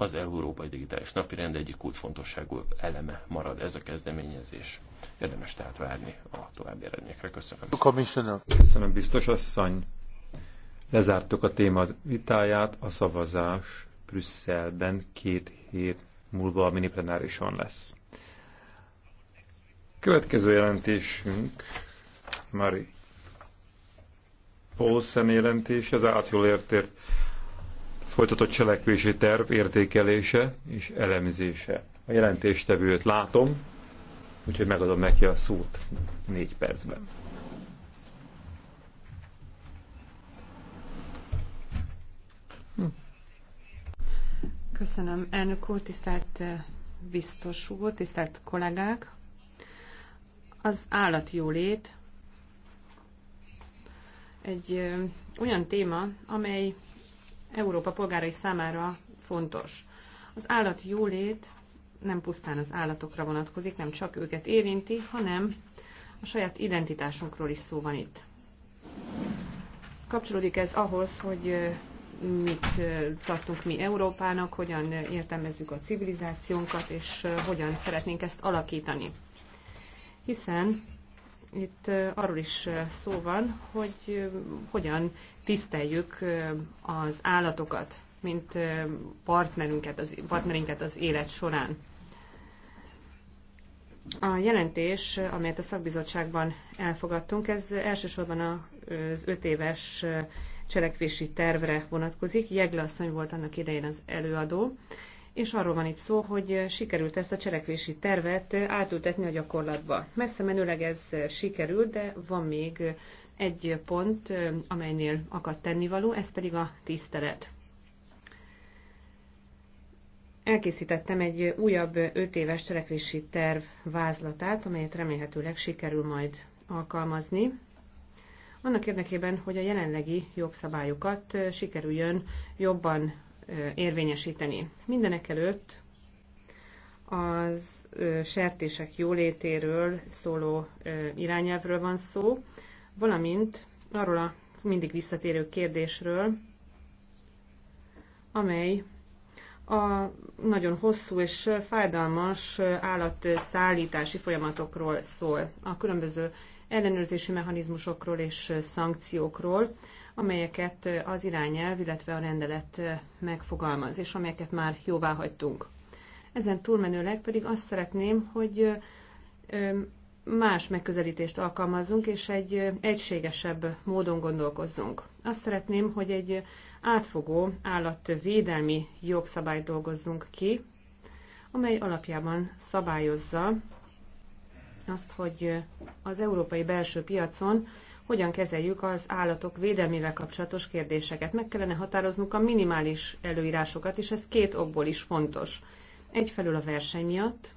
az európai digitális napirend egyik kulcsfontosságú eleme marad ez a kezdeményezés. Érdemes tehát várni a további eredményekre. Köszönöm. Köszönöm, biztos asszony. Lezártuk a téma vitáját, a szavazás Brüsszelben két hét múlva a miniplenárison lesz. Következő jelentésünk, Mari Paulsen jelentés, az átjól értért folytatott cselekvési terv értékelése és elemzése. A jelentéstevőt látom, úgyhogy megadom neki a szót négy percben. Köszönöm, elnök úr, tisztelt biztos úr, tisztelt kollégák! Az állatjólét egy olyan téma, amely Európa polgárai számára fontos. Az állat jólét nem pusztán az állatokra vonatkozik, nem csak őket érinti, hanem a saját identitásunkról is szó van itt. Kapcsolódik ez ahhoz, hogy mit tartunk mi Európának, hogyan értelmezzük a civilizációnkat, és hogyan szeretnénk ezt alakítani. Hiszen itt arról is szó van, hogy hogyan tiszteljük az állatokat, mint partnerünket, az, partnerinket az élet során. A jelentés, amelyet a szakbizottságban elfogadtunk, ez elsősorban az öt éves cselekvési tervre vonatkozik. Jegle asszony volt annak idején az előadó, és arról van itt szó, hogy sikerült ezt a cselekvési tervet átültetni a gyakorlatba. Messze menőleg ez sikerült, de van még egy pont, amelynél akadt tennivaló, ez pedig a tisztelet. Elkészítettem egy újabb öt éves cselekvési terv vázlatát, amelyet remélhetőleg sikerül majd alkalmazni, annak érdekében, hogy a jelenlegi jogszabályokat sikerüljön jobban érvényesíteni. Mindenek előtt az sertések jólétéről szóló irányelvről van szó, valamint arról a mindig visszatérő kérdésről, amely a nagyon hosszú és fájdalmas állatszállítási folyamatokról szól, a különböző ellenőrzési mechanizmusokról és szankciókról, amelyeket az irányelv, illetve a rendelet megfogalmaz, és amelyeket már jóvá hagytunk. Ezen túlmenőleg pedig azt szeretném, hogy más megközelítést alkalmazzunk, és egy egységesebb módon gondolkozzunk. Azt szeretném, hogy egy átfogó állatvédelmi jogszabályt dolgozzunk ki, amely alapjában szabályozza azt, hogy az európai belső piacon hogyan kezeljük az állatok védelmével kapcsolatos kérdéseket. Meg kellene határoznunk a minimális előírásokat, és ez két okból is fontos. Egyfelől a verseny miatt,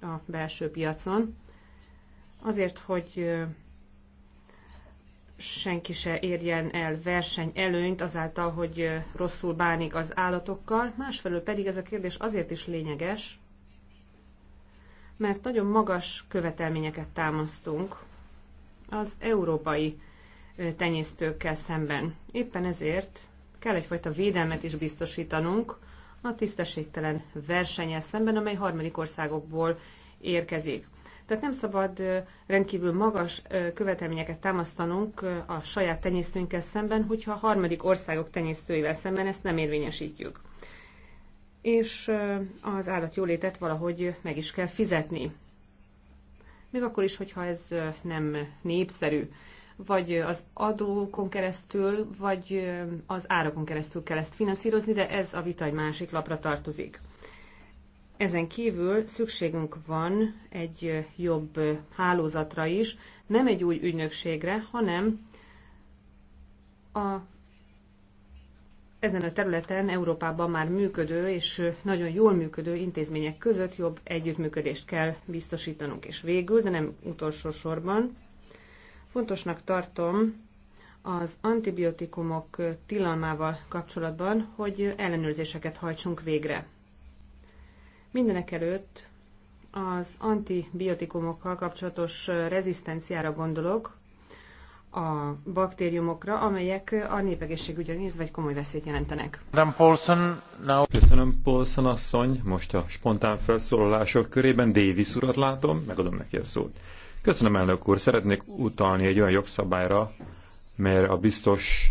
a belső piacon, azért, hogy senki se érjen el verseny előnyt azáltal, hogy rosszul bánik az állatokkal, másfelől pedig ez a kérdés azért is lényeges, mert nagyon magas követelményeket támasztunk az európai tenyésztőkkel szemben. Éppen ezért kell egyfajta védelmet is biztosítanunk a tisztességtelen versenyel szemben, amely harmadik országokból érkezik. Tehát nem szabad rendkívül magas követelményeket támasztanunk a saját tenyésztőinkkel szemben, hogyha a harmadik országok tenyésztőivel szemben ezt nem érvényesítjük. És az jólétet valahogy meg is kell fizetni még akkor is, hogyha ez nem népszerű. Vagy az adókon keresztül, vagy az árakon keresztül kell ezt finanszírozni, de ez a vita egy másik lapra tartozik. Ezen kívül szükségünk van egy jobb hálózatra is, nem egy új ügynökségre, hanem a ezen a területen Európában már működő és nagyon jól működő intézmények között jobb együttműködést kell biztosítanunk. És végül, de nem utolsó sorban, fontosnak tartom az antibiotikumok tilalmával kapcsolatban, hogy ellenőrzéseket hajtsunk végre. Mindenek előtt az antibiotikumokkal kapcsolatos rezisztenciára gondolok, a baktériumokra, amelyek a népegészségügyre néz, vagy komoly veszélyt jelentenek. Paulson, Köszönöm, Paulson asszony. Most a spontán felszólalások körében Davis urat látom, megadom neki a szót. Köszönöm, elnök úr. Szeretnék utalni egy olyan jogszabályra, mert a biztos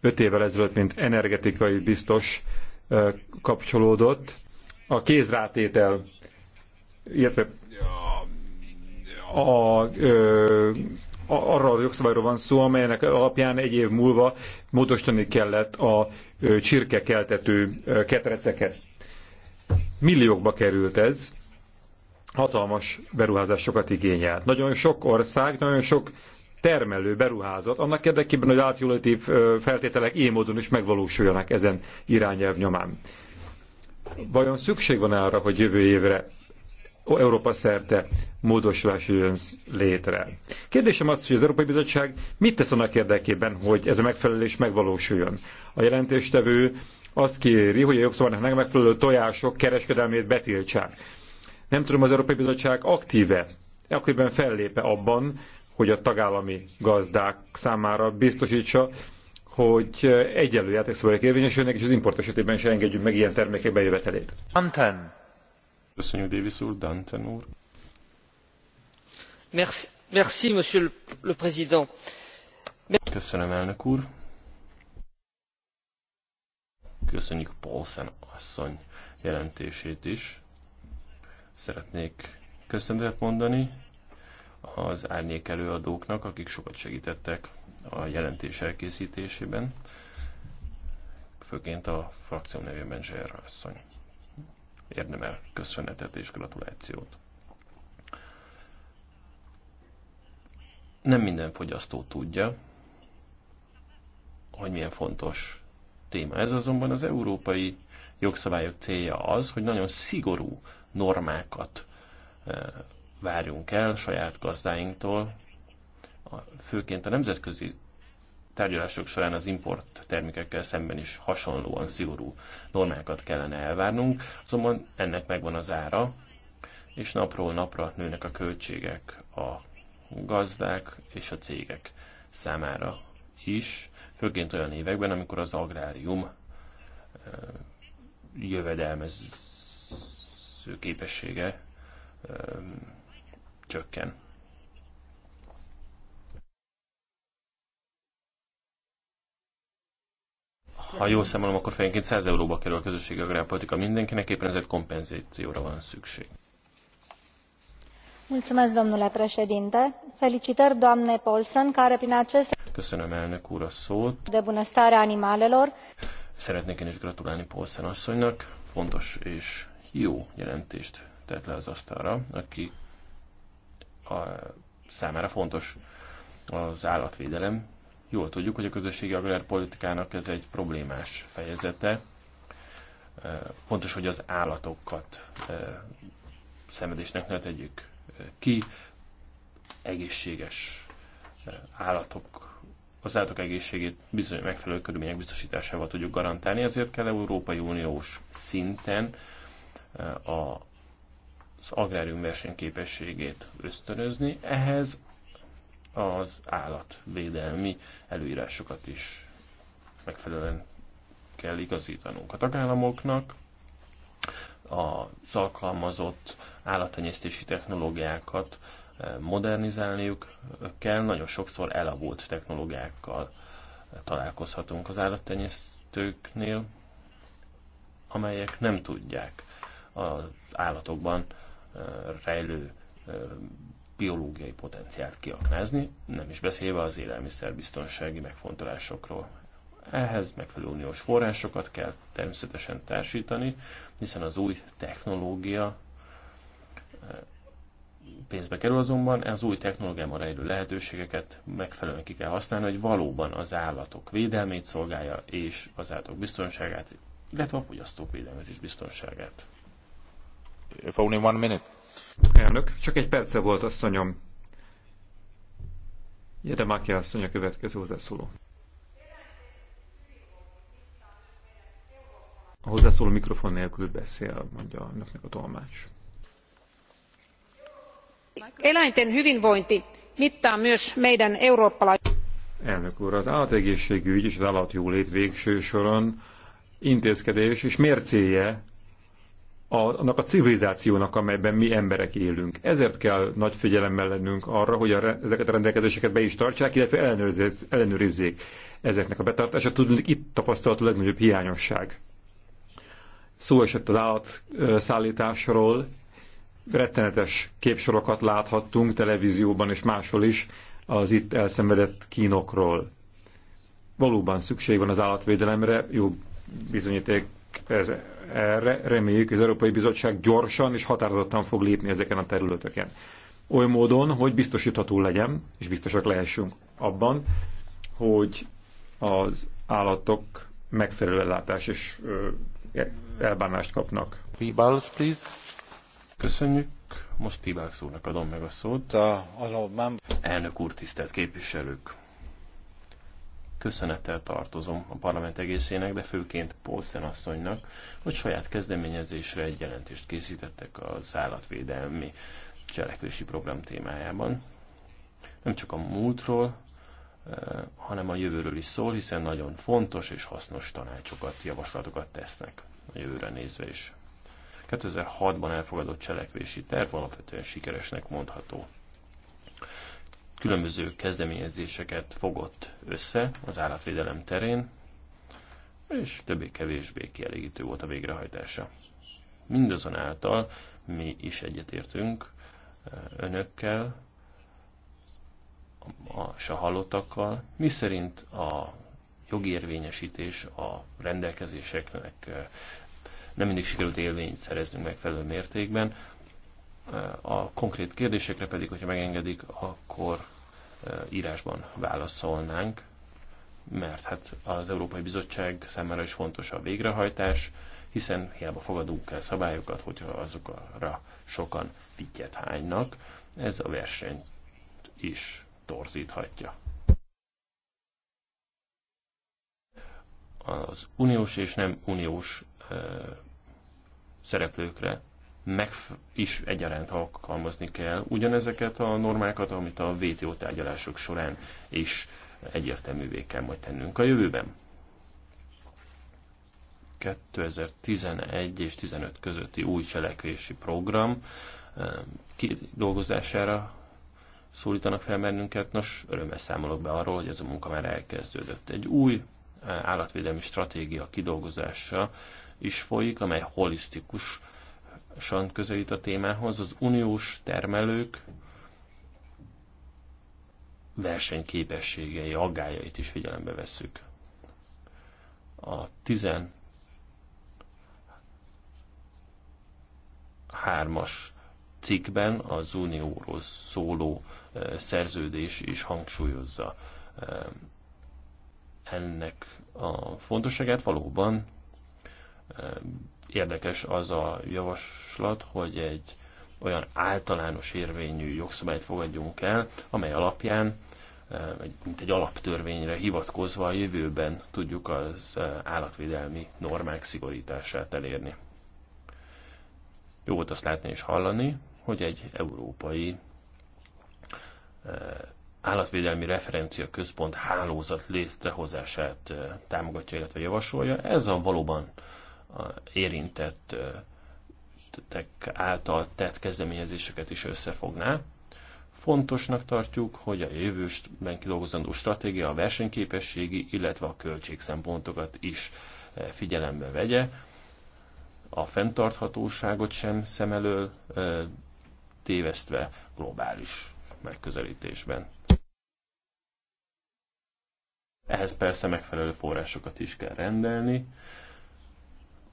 öt évvel ezelőtt, mint energetikai biztos kapcsolódott. A kézrátétel, illetve a, a, a, a arra a jogszabályról van szó, amelynek alapján egy év múlva módosítani kellett a csirkekeltető ketreceket. Milliókba került ez, hatalmas beruházásokat igényelt. Nagyon sok ország, nagyon sok termelő beruházott, annak érdekében, hogy átjulatív feltételek ilyen módon is megvalósuljanak ezen irányelv nyomán. Vajon szükség van arra, hogy jövő évre Európa szerte módosulás jön létre. Kérdésem az, hogy az Európai Bizottság mit tesz annak érdekében, hogy ez a megfelelés megvalósuljon. A jelentéstevő azt kéri, hogy a jogszabálynak nem megfelelő tojások kereskedelmét betiltsák. Nem tudom, az Európai Bizottság aktíve, aktíven fellépe abban, hogy a tagállami gazdák számára biztosítsa, hogy egyenlő játékszabályok érvényesülnek, és az import esetében se engedjük meg ilyen termékek bejövetelét. Anten. Köszönjük, Davis úr, Danten úr. Merci, merci, monsieur le président. Köszönöm, elnök úr. Köszönjük Paulsen asszony jelentését is. Szeretnék köszönetet mondani az árnyék előadóknak, akik sokat segítettek a jelentés elkészítésében, főként a frakció nevében Zsér asszony érdemel köszönetet és gratulációt. Nem minden fogyasztó tudja, hogy milyen fontos téma. Ez azonban az európai jogszabályok célja az, hogy nagyon szigorú normákat e, várjunk el saját gazdáinktól, főként a nemzetközi tárgyalások során az import termékekkel szemben is hasonlóan szigorú normákat kellene elvárnunk, azonban ennek megvan az ára, és napról napra nőnek a költségek a gazdák és a cégek számára is, főként olyan években, amikor az agrárium eh, jövedelmező képessége eh, csökken. ha jól számolom, akkor fejenként 100 euróba kerül a közösségi agrárpolitika mindenkinek, éppen ezért kompenzációra van szükség. Mulțumesc, domnule președinte. Felicitări, doamne Paulsen, care prin acest... Köszönöm, elnök úr, a szót. De bunăstare animalelor. Szeretnék én is gratulálni Paulsen asszonynak. Fontos és jó jelentést tett le az asztalra, aki a számára fontos az állatvédelem, Jól tudjuk, hogy a közösségi agrárpolitikának ez egy problémás fejezete. Fontos, hogy az állatokat szenvedésnek ne tegyük ki. Egészséges állatok, az állatok egészségét bizony megfelelő körülmények biztosításával tudjuk garantálni, ezért kell Európai Uniós szinten a, az agrárium versenyképességét ösztönözni. Ehhez az állatvédelmi előírásokat is megfelelően kell igazítanunk a tagállamoknak. Az alkalmazott állattenyésztési technológiákat eh, modernizálniuk kell, nagyon sokszor elavult technológiákkal találkozhatunk az állattenyésztőknél, amelyek nem tudják az állatokban eh, rejlő eh, biológiai potenciált kiaknázni, nem is beszélve az élelmiszerbiztonsági megfontolásokról. Ehhez megfelelő uniós forrásokat kell természetesen társítani, hiszen az új technológia eh, pénzbe kerül azonban, az új technológiában rejlő lehetőségeket megfelelően ki kell használni, hogy valóban az állatok védelmét szolgálja és az állatok biztonságát, illetve a fogyasztók védelmét és biztonságát. If only one minute. Elnök, csak egy perce volt, asszonyom. Jedemáki asszony a következő hozzászóló. A hozzászóló mikrofon nélkül beszél, mondja önöknek a tolmács. Eläinten hyvinvointi mittaa myös meidän eurooppalaisen... Elnök úr, az állategészségügy és az állatjólét végső soron intézkedés és mércéje a, annak a civilizációnak, amelyben mi emberek élünk. Ezért kell nagy figyelemmel lennünk arra, hogy a, ezeket a rendelkezéseket be is tartsák, illetve ellenőrizzék, ellenőrizzék ezeknek a betartását Tudni, itt tapasztalat a legnagyobb hiányosság. Szó esett az állatszállításról, rettenetes képsorokat láthattunk televízióban és máshol is az itt elszenvedett kínokról. Valóban szükség van az állatvédelemre, jó bizonyíték ez, erre reméljük, az Európai Bizottság gyorsan és határozottan fog lépni ezeken a területeken. Oly módon, hogy biztosítható legyen, és biztosak lehessünk abban, hogy az állatok megfelelő ellátás és e, elbánást kapnak. Peebles, please. Köszönjük. Most Peebles úrnak adom meg a szót. A, Elnök úr, tisztelt képviselők! köszönettel tartozom a parlament egészének, de főként Paulsen asszonynak, hogy saját kezdeményezésre egy jelentést készítettek az állatvédelmi cselekvési program témájában. Nem csak a múltról, eh, hanem a jövőről is szól, hiszen nagyon fontos és hasznos tanácsokat, javaslatokat tesznek a jövőre nézve is. 2006-ban elfogadott cselekvési terv alapvetően sikeresnek mondható különböző kezdeményezéseket fogott össze az állatvédelem terén, és többé-kevésbé kielégítő volt a végrehajtása. Mindazonáltal mi is egyetértünk eh, önökkel, a se hallottakkal, mi szerint a jogi érvényesítés a rendelkezéseknek eh, nem mindig sikerült élvényt szereznünk megfelelő mértékben, a konkrét kérdésekre pedig, hogyha megengedik, akkor e, írásban válaszolnánk, mert hát az Európai Bizottság számára is fontos a végrehajtás, hiszen hiába fogadunk el szabályokat, hogyha azokra sokan fittyet hánynak, ez a versenyt is torzíthatja. Az uniós és nem uniós e, szereplőkre meg is egyaránt alkalmazni kell ugyanezeket a normákat, amit a WTO tárgyalások során is egyértelművé kell majd tennünk a jövőben. 2011 és 15 közötti új cselekvési program kidolgozására szólítanak fel bennünket. Nos, örömmel számolok be arról, hogy ez a munka már elkezdődött. Egy új állatvédelmi stratégia kidolgozása is folyik, amely holisztikus szorosan közelít a témához, az uniós termelők versenyképességei, aggájait is figyelembe vesszük. A 13-as cikkben az unióról szóló szerződés is hangsúlyozza ennek a fontosságát valóban Érdekes az a javaslat, hogy egy olyan általános érvényű jogszabályt fogadjunk el, amely alapján eh, mint egy alaptörvényre hivatkozva a jövőben tudjuk az eh, állatvédelmi normák szigorítását elérni. Jó volt azt látni és hallani, hogy egy európai eh, állatvédelmi referencia központ hálózat létrehozását támogatja, illetve javasolja. Ez a valóban érintettek által tett kezdeményezéseket is összefogná. Fontosnak tartjuk, hogy a jövőben kidolgozandó stratégia a versenyképességi, illetve a költségszempontokat is eh, figyelembe vegye. A fenntarthatóságot sem szem elől eh, tévesztve globális megközelítésben. Ehhez persze megfelelő forrásokat is kell rendelni,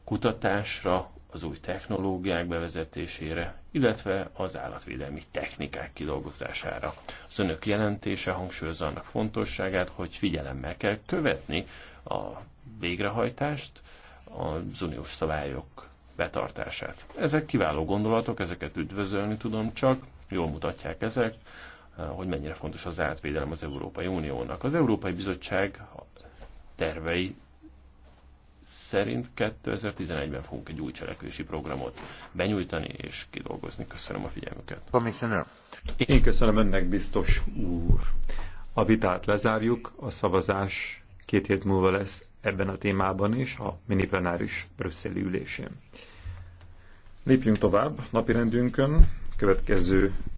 kutatásra, az új technológiák bevezetésére, illetve az állatvédelmi technikák kidolgozására. Az önök jelentése hangsúlyozza annak fontosságát, hogy figyelemmel kell követni a végrehajtást, az uniós szabályok betartását. Ezek kiváló gondolatok, ezeket üdvözölni tudom csak, jól mutatják ezek, hogy mennyire fontos az átvédelem az Európai Uniónak. Az Európai Bizottság tervei szerint 2011-ben fogunk egy új cselekvési programot benyújtani és kidolgozni. Köszönöm a figyelmüket. Commissioner. Én köszönöm önnek, biztos úr. A vitát lezárjuk, a szavazás két hét múlva lesz ebben a témában is, a miniplenáris brüsszeli ülésén. Lépjünk tovább napirendünkön. Következő